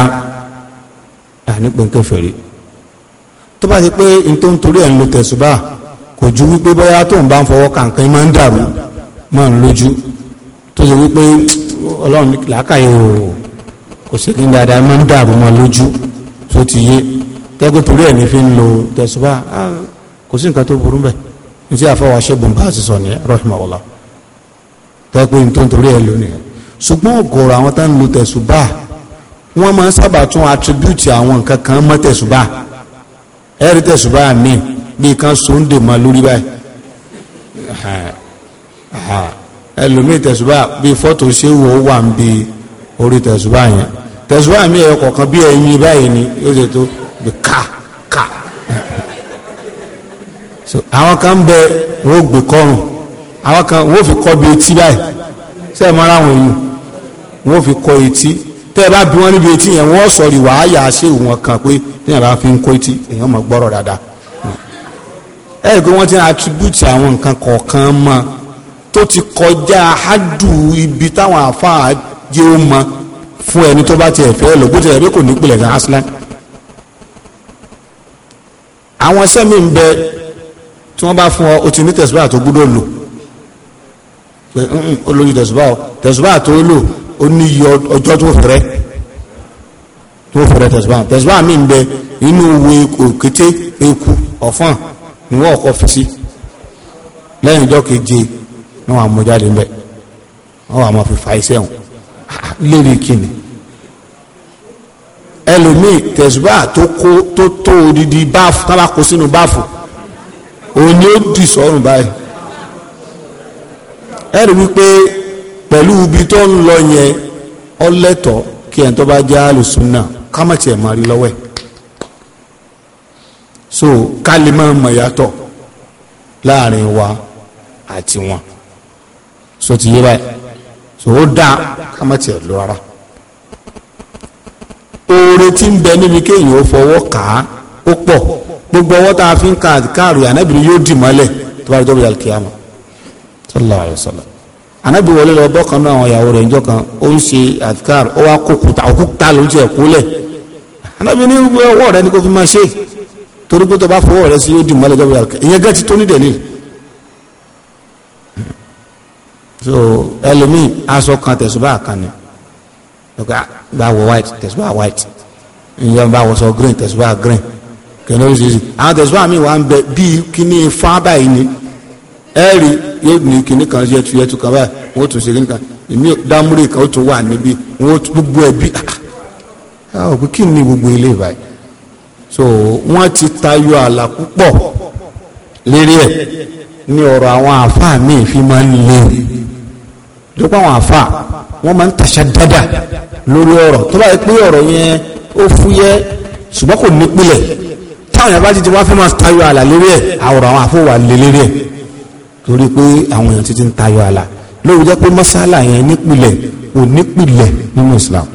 ànípò ń kèfèrí tó bá ti pé n ẹ̀ ń lo tẹ̀sùbà kò ju wípé bóyá tóun bá ń fọwọ́ kàǹkan máa ń dàrú máa ń lójú tó ṣe wípé ọlọ́run làákàyè o kò sí kí n dáadáa máa ń dàrú máa lójú tó ti yé tẹ́gbẹ́ torí ẹ̀ fi ń lo tẹ̀síwá kò sí nǹkan tó burú bẹ́ẹ̀ ní tí àfọwọ́ aṣẹ́gun bá ti sọ ní rahimahullah tẹ́gbẹ́ tó ń torí ẹ̀ lónìí ṣùgbọ́n ọ̀gọ̀rọ̀ àwọn tá ń lo tẹ̀síwá wọ́n máa ń sábà tún attribute àwọn nǹkan kan mọ́ tẹ̀síwá ẹ̀rí tẹ̀síwá míì bí kan sóńdè máa lórí báyìí ẹlòmíì tẹ̀sùbá bíi fọ́tò ṣéwò wà ń bi orí tẹ̀sùbá yẹn tẹ̀sùbá mi ẹ̀yọ kọ̀ọ̀kan bí ẹ̀yin báyìí ni yóò ṣe tó bí ká ká àwọn kan bẹ wọ́n gbé kọ́rùn àwọn kan wọ́n fi kọ́ bí etí báyìí ṣé ẹ̀ mọ́ra àwọn èèyàn wọ́n fi kọ́ etí tẹ́ ẹ bá bí wọ́n níbi etí yẹn wọ́n sọ̀rọ̀ ìwà àyà ṣéwò wọn kan pé téèyàn bá fi ń kọ́ etí èèyàn mọ̀ gbọ́rọ̀ dáadáa ẹ rí i pé wọ́n ti ń attribute àwọn nǹkan kọ̀ọ̀kan mọ́ tó ti kọjá hádù ibi táwọn àfáà jẹ́ ó mọ́ fún ẹni tó bá tiẹ̀ fẹ́ lò bó tiẹ̀ pé kò ní ìpìlẹ̀ gan aslan àwọn sẹ́mi ń bẹ tí wọ́n bá fún ọ o ti ní tẹ̀síbáà tó gbúdọ̀ lò pé olóyún tẹ̀síbáà tẹ̀síbáà tó lò ó ní iye ọjọ́ tó fẹ́rẹ́ tó fẹ́rẹ́ tẹ̀síbáà tẹ̀síbáà mi ń bẹ inú wo òkété eku ọ̀fọ́n ni wọ́n kọ́ fi sí lẹ́yìn ọjọ́ keje ni wọ́n amújáde ń bẹ̀ wọ́n wà máa fi fa iṣẹ́ wọn ah, lórí kíni ẹlòmíì tẹ̀síbà tó kó tó tó odidi báàfù tábà kó sínú báàfù òun ni ó dì sọ́rùn báyìí ẹ̀rí wípé pẹ̀lú ibi tó ń lọ yẹn ọlẹ́tọ̀ kí ẹ̀ bá jẹ́ àlùsùn náà ká má máa rí lọ́wọ́ ẹ̀ so ká máa wa àti wọn so ti yé so ó daa kama má lọ ara oore tí ń bẹ níbi kéèyàn ó fọwọ́ kà ó pọ̀ gbogbo ọwọ́ tá a fi ń ka àdìkáàrò ànábìrin yóò dì mọ́lẹ̀ tó bá rí dọ́bìlì alkiyama sallallahu alayhi wa wọlé lọ kan ó ń ṣe ó wá kó kùtà òkúta ló ń ṣe torí pé tó bá fọwọ́ rẹ sí yóò dì mọ́lẹ̀ jọ́bí àlùkẹ́ ìyẹn gẹ́tì tó ní dẹ̀lí. so ẹlòmíì aṣọ kan tẹ̀sùbá kan ni bá wọ white tẹ̀sùbá white ìyẹn bá wọ sọ green tẹ̀sùbá green kẹ́ni oríṣiríṣi àwọn tẹ̀sùbá mi wà ń bẹ bíi kíní fún abáyé ni ẹ̀rí yóò ní kíní kan yẹtu yẹtu kan báyìí wọ́n tún ṣe kíní kan èmi dámúrè kan ó tún wà níbí wọ́n gbogbo ẹ̀ bí ah ọ̀ ah. pé kí gbogbo ilé ìbáyìí so wọ́n ti tayọ àlà púpọ̀ lérí ẹ̀ ní ọ̀rọ̀ àwọn àfáà míì fi máa ń le lọ́pọ̀ àwọn àfáà wọ́n máa ń tàṣà dáadáa lórí ọ̀rọ̀ tó bá yẹ pé ọ̀rọ̀ yẹn ó fúyẹ́ ṣùgbọ́n kò nípìlẹ̀ táwọn yàrá ti ti wá fẹ́ máa tayọ àlà lérí ẹ̀ àwòrán àwọn àfáà wà lé lérí ẹ̀ torí pé àwọn èèyàn ti ti ń tayọ àlà lóòótọ́ pé mọ́sálà yẹn nípìlẹ̀ ò nípìlẹ̀ nínú Islam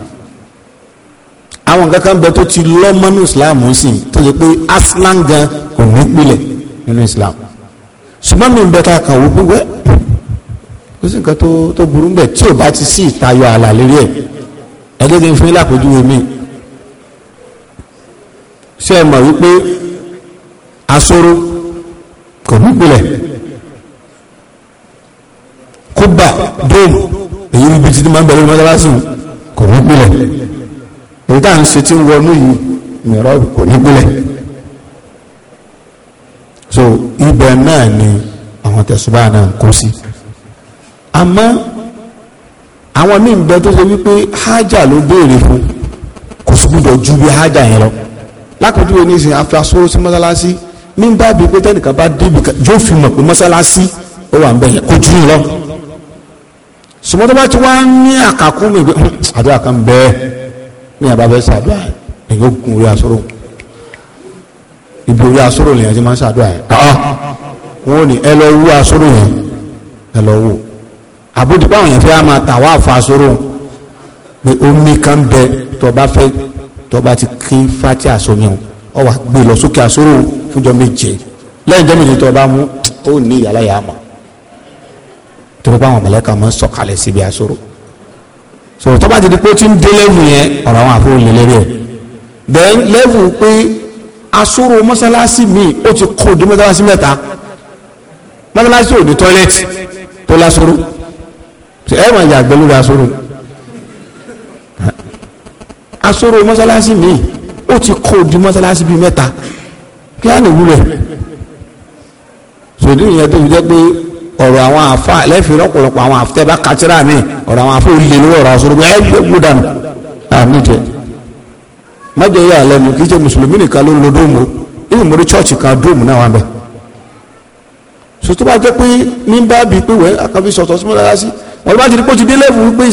àwọn kankan bẹ tó ti lọ mọ́nú islam ń sìn tó ṣe pé aslan gan kò ní pilẹ̀ nínú islam ṣùgbọ́n mi ń bẹ ká kàn wó pípẹ́ kó sì nǹkan tó tó burú bẹ̀ tí ò bá ti sí ìtayọ ààlà lérí ẹ̀ ẹ̀ẹ́dẹ́gbẹ́ fún yín lápèjúwe mi ṣé ẹ mọ̀ wípé asoro kò ní pilẹ̀ kúbà dóòmù èyí ń bi títí máa mọ́tàlásì kò ní pilẹ̀ níta ń ṣe tí ń wọnú yìí mìíràn kò ní gúnlẹ̀ so ibẹ̀ náà ni àwọn tẹ̀sùbá náà ń kó sí àmọ́ àwọn míì bẹ tó ṣe wípé hájà ló béèrè fún kò sì gbúdọ̀ ju bí hájà yẹn lọ lákòójúwe ní ìsìn afrasóró sí mọ́sálásí ní bá bíi pé tẹ́nìkan bá débi kan yóò fi mọ̀ pé mọ́sálásí ó wà ń bẹ̀yẹ̀ kó jù lọ sùmọ́tò bá ti wá ní àkàkùn mi àdúrà kan bẹ́ẹ̀ ní àbáfẹ́ sàdúrà èyí ó gun orí asọ́rò ibi orí asọ́rò lèyàn ti máa ń sàdúrà yẹn káà wọn ò ní ẹ lọ wú asọ́rò yẹn ẹ lọ wò àbúdí báwọn yẹn fẹ́ máa tà wá fa asọ́rò ni omi kan bẹ tọba fẹ́ tọba ti kí fati asọ́mi o ọ wà gbé lọ sókè asọ́rò fúnjọ méje lẹ́yìn jẹ́mi ní tọba mú ó ní ìyàlá yà á mọ̀ tó bá wọn máa ń sọ̀kalẹ̀ síbi asọ́rò so tó bá ti di pé ó ti ń dé lẹ́wù yẹn ọ̀rọ̀ àwọn àfọwọ́ lè lérí ẹ̀ then lẹ́wù pé asóró mọ́sálásí míì ó ti kó di mọ́sálásí mẹ́ta mọ́sálásí ò ní tọ́lẹ́tì tó lásòrò ẹ mà yà gbẹ́lú asóró asóró mọ́sálásí míì ó ti kó di mọ́sálásí bíi mẹ́ta kí á lè wúlò ẹ̀ sòdí ìyẹn tó fi jẹ́ pé ọ̀rọ̀ àwọn àfa lẹ́fìrí ọ̀pọ̀lọpọ̀ àwọn àfa tẹ́bá kátírà mi ọ̀rọ̀ àwọn àfa olè lówó ọ̀rọ̀ àṣọ gbogbo ẹgbẹ́ gbogbo àmì jẹ mọ́jọ yà lẹ́nu kí jẹ́ mùsùlùmí nìkan ló ń lo dóòmù ìlú mórí chọ́ọ̀chì kan dóòmù náà wà pé ní bá pé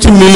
sí bá